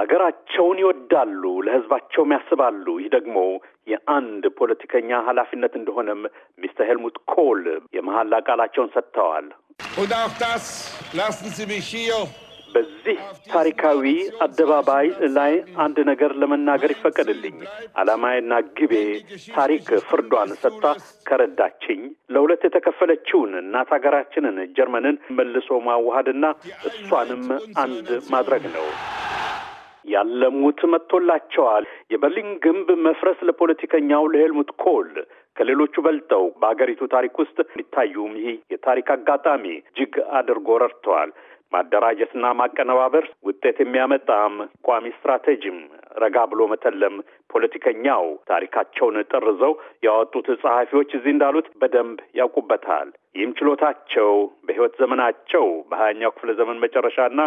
አገራቸውን ይወዳሉ፣ ለህዝባቸውም ያስባሉ። ይህ ደግሞ የአንድ ፖለቲከኛ ኃላፊነት እንደሆነም ሚስተር ሄልሙት ኮል የመሐላ ቃላቸውን ሰጥተዋል። በዚህ ታሪካዊ አደባባይ ላይ አንድ ነገር ለመናገር ይፈቀድልኝ። ዓላማዬና ግቤ ታሪክ ፍርዷን ሰጥታ ከረዳችኝ ለሁለት የተከፈለችውን እናት ሀገራችንን ጀርመንን መልሶ ማዋሃድና እሷንም አንድ ማድረግ ነው። ያለሙት መጥቶላቸዋል። የበርሊን ግንብ መፍረስ ለፖለቲከኛው ለሄልሙት ኮል ከሌሎቹ በልጠው በአገሪቱ ታሪክ ውስጥ የሚታዩም ይህ የታሪክ አጋጣሚ እጅግ አድርጎ ረድተዋል። ማደራጀትና ማቀነባበር ውጤት የሚያመጣም ቋሚ ስትራቴጂም ረጋ ብሎ መተለም ፖለቲከኛው ታሪካቸውን ጠርዘው ያወጡት ጸሐፊዎች እዚህ እንዳሉት በደንብ ያውቁበታል። ይህም ችሎታቸው በሕይወት ዘመናቸው በሀያኛው ክፍለ ዘመን መጨረሻና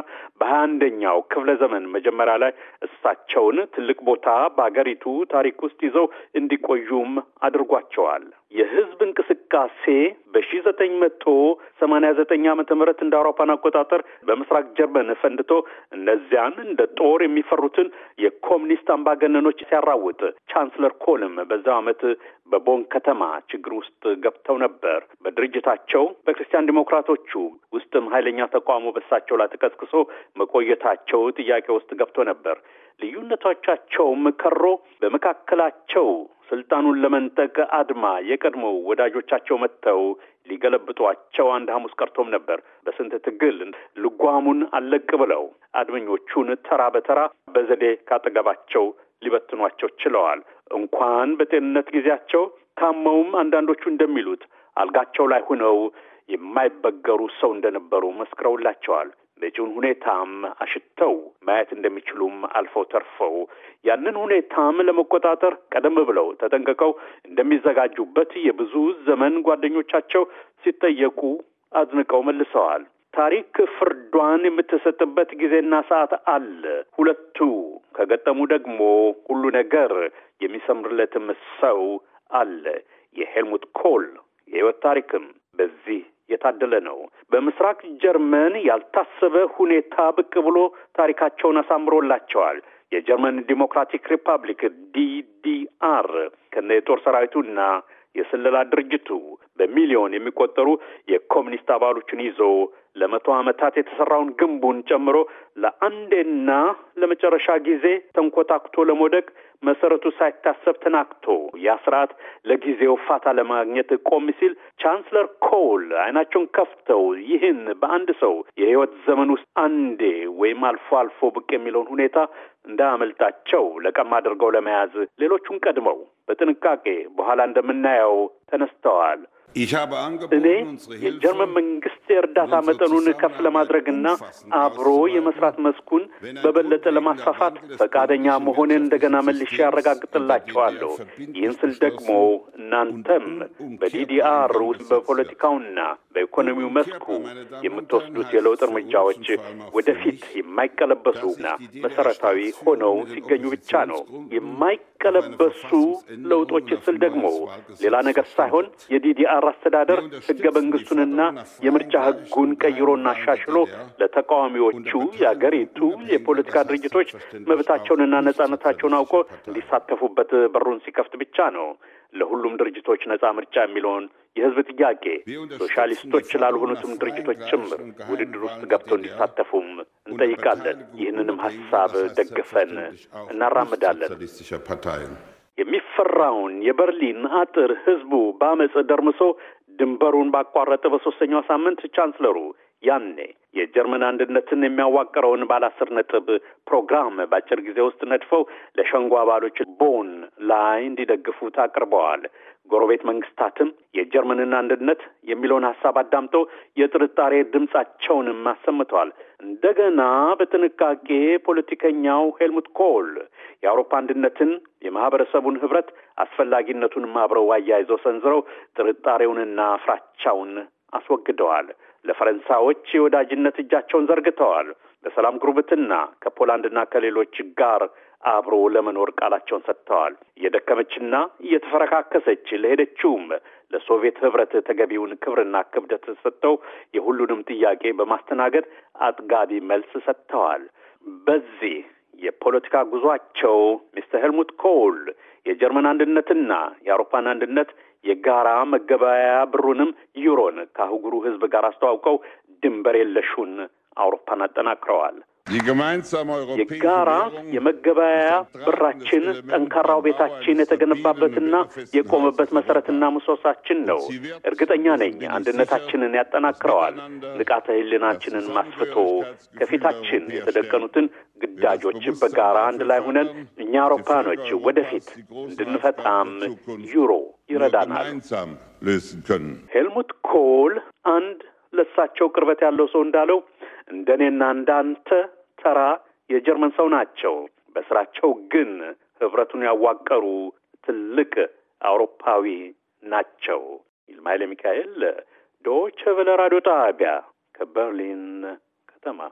በሀያ አንደኛው ክፍለ ዘመን መጀመሪያ ላይ እሳቸውን ትልቅ ቦታ በአገሪቱ ታሪክ ውስጥ ይዘው እንዲቆዩም አድርጓቸዋል። የህዝብ እንቅስቃሴ በሺ ዘጠኝ መቶ ሰማኒያ ዘጠኝ ዓመተ ምህረት እንደ አውሮፓን አቆጣጠር በምስራቅ ጀርመን ፈንድቶ እነዚያን እንደ ጦር የሚፈሩትን የኮሚኒስት አምባገነኖች ሲያራውጥ ቻንስለር ኮልም በዛው ዓመት በቦን ከተማ ችግር ውስጥ ገብተው ነበር። በድርጅታቸው በክርስቲያን ዲሞክራቶቹ ውስጥም ኃይለኛ ተቃውሞ በሳቸው ላይ ተቀስቅሶ መቆየታቸው ጥያቄ ውስጥ ገብቶ ነበር። ልዩነቶቻቸውም ከሮ በመካከላቸው ስልጣኑን ለመንጠቅ አድማ የቀድሞ ወዳጆቻቸው መጥተው ሊገለብጧቸው አንድ ሐሙስ ቀርቶም ነበር። በስንት ትግል ልጓሙን አለቅ ብለው አድመኞቹን ተራ በተራ በዘዴ ካጠገባቸው ሊበትኗቸው ችለዋል። እንኳን በጤንነት ጊዜያቸው ታመውም አንዳንዶቹ እንደሚሉት አልጋቸው ላይ ሆነው የማይበገሩ ሰው እንደነበሩ መስክረውላቸዋል። መጪውን ሁኔታም አሽተው ማየት እንደሚችሉም አልፈው ተርፈው ያንን ሁኔታም ለመቆጣጠር ቀደም ብለው ተጠንቅቀው እንደሚዘጋጁበት የብዙ ዘመን ጓደኞቻቸው ሲጠየቁ አዝንቀው መልሰዋል። ታሪክ ፍርዷን የምትሰጥበት ጊዜና ሰዓት አለ። ሁለቱ ከገጠሙ ደግሞ ሁሉ ነገር የሚሰምርለትም ሰው አለ። የሄልሙት ኮል የህይወት ታሪክም በዚህ የታደለ ነው። በምስራቅ ጀርመን ያልታሰበ ሁኔታ ብቅ ብሎ ታሪካቸውን አሳምሮላቸዋል። የጀርመን ዲሞክራቲክ ሪፐብሊክ ዲዲአር ከነ የጦር ሰራዊቱና የስለላ ድርጅቱ በሚሊዮን የሚቆጠሩ የኮሚኒስት አባሎችን ይዞ ለመቶ ዓመታት የተሰራውን ግንቡን ጨምሮ ለአንዴና ለመጨረሻ ጊዜ ተንኮታኩቶ ለመውደቅ መሰረቱ ሳይታሰብ ተናክቶ ያ ስርዓት ለጊዜው ፋታ ለማግኘት ቆም ሲል ቻንስለር ኮል አይናቸውን ከፍተው ይህን በአንድ ሰው የህይወት ዘመን ውስጥ አንዴ ወይም አልፎ አልፎ ብቅ የሚለውን ሁኔታ እንዳያመልጣቸው ለቀም አድርገው ለመያዝ ሌሎቹን ቀድመው በጥንቃቄ በኋላ እንደምናየው ተነስተዋል። እኔ የጀርመን መንግስት የእርዳታ መጠኑን ከፍ ለማድረግና አብሮ የመስራት መስኩን በበለጠ ለማስፋፋት ፈቃደኛ መሆንን እንደገና መልሼ ያረጋግጥላቸዋለሁ። ይህን ስል ደግሞ እናንተም በዲዲአር ውስጥ በፖለቲካውና በኢኮኖሚው መስኩ የምትወስዱት የለውጥ እርምጃዎች ወደፊት የማይቀለበሱና መሰረታዊ ሆነው ሲገኙ ብቻ ነው የማይ የቀለበሱ ለውጦች ስል ደግሞ ሌላ ነገር ሳይሆን የዲዲአር አስተዳደር ህገ መንግስቱንና የምርጫ ህጉን ቀይሮና አሻሽሎ ለተቃዋሚዎቹ የአገሪቱ የፖለቲካ ድርጅቶች መብታቸውንና ነጻነታቸውን አውቆ እንዲሳተፉበት በሩን ሲከፍት ብቻ ነው። ለሁሉም ድርጅቶች ነጻ ምርጫ የሚለውን የህዝብ ጥያቄ ሶሻሊስቶች ላልሆኑትም ድርጅቶች ጭምር ውድድር ውስጥ ገብተው እንዲሳተፉም እንጠይቃለን። ይህንንም ሀሳብ ደግፈን እናራምዳለን። የሚፈራውን የበርሊን አጥር ህዝቡ በአመፅ ደርምሶ ድንበሩን ባቋረጠ በሦስተኛው ሳምንት ቻንስለሩ ያኔ የጀርመን አንድነትን የሚያዋቅረውን ባለ አስር ነጥብ ፕሮግራም በአጭር ጊዜ ውስጥ ነድፈው ለሸንጎ አባሎች ቦን ላይ እንዲደግፉት አቅርበዋል። ጎረቤት መንግስታትም የጀርመንን አንድነት የሚለውን ሀሳብ አዳምጠው የጥርጣሬ ድምጻቸውንም አሰምተዋል። እንደገና በጥንቃቄ ፖለቲከኛው ሄልሙት ኮል የአውሮፓ አንድነትን የማህበረሰቡን ህብረት አስፈላጊነቱን ማብረው አያይዘው ሰንዝረው ጥርጣሬውንና ፍራቻውን አስወግደዋል። ለፈረንሳዮች የወዳጅነት እጃቸውን ዘርግተዋል። በሰላም ጉርብትና ከፖላንድና ከሌሎች ጋር አብሮ ለመኖር ቃላቸውን ሰጥተዋል። እየደከመችና እየተፈረካከሰች ለሄደችውም ለሶቪየት ህብረት ተገቢውን ክብርና ክብደት ሰጥተው የሁሉንም ጥያቄ በማስተናገድ አጥጋቢ መልስ ሰጥተዋል። በዚህ የፖለቲካ ጉዟቸው ሚስተር ሄልሙት ኮል የጀርመን አንድነትና የአውሮፓን አንድነት የጋራ መገበያያ ብሩንም ዩሮን ከአህጉሩ ህዝብ ጋር አስተዋውቀው ድንበር የለሹን አውሮፓን አጠናክረዋል። የጋራ የመገበያያ ብራችን ጠንካራው ቤታችን የተገነባበትና የቆመበት መሰረትና ምሰሳችን ነው። እርግጠኛ ነኝ አንድነታችንን ያጠናክረዋል። ንቃተ ህልናችንን ማስፍቶ ከፊታችን የተደቀኑትን ግዳጆች በጋራ አንድ ላይ ሆነን እኛ አውሮፓኖች ወደፊት እንድንፈጣም ዩሮ ይረዳናል። ሄልሙት ኮል አንድ ለሳቸው ቅርበት ያለው ሰው እንዳለው እንደኔና እንዳንተ ተራ የጀርመን ሰው ናቸው። በስራቸው ግን ህብረቱን ያዋቀሩ ትልቅ አውሮፓዊ ናቸው። ይልማይል ሚካኤል ዶቸ ራዲዮ ጣቢያ ከበርሊን ከተማ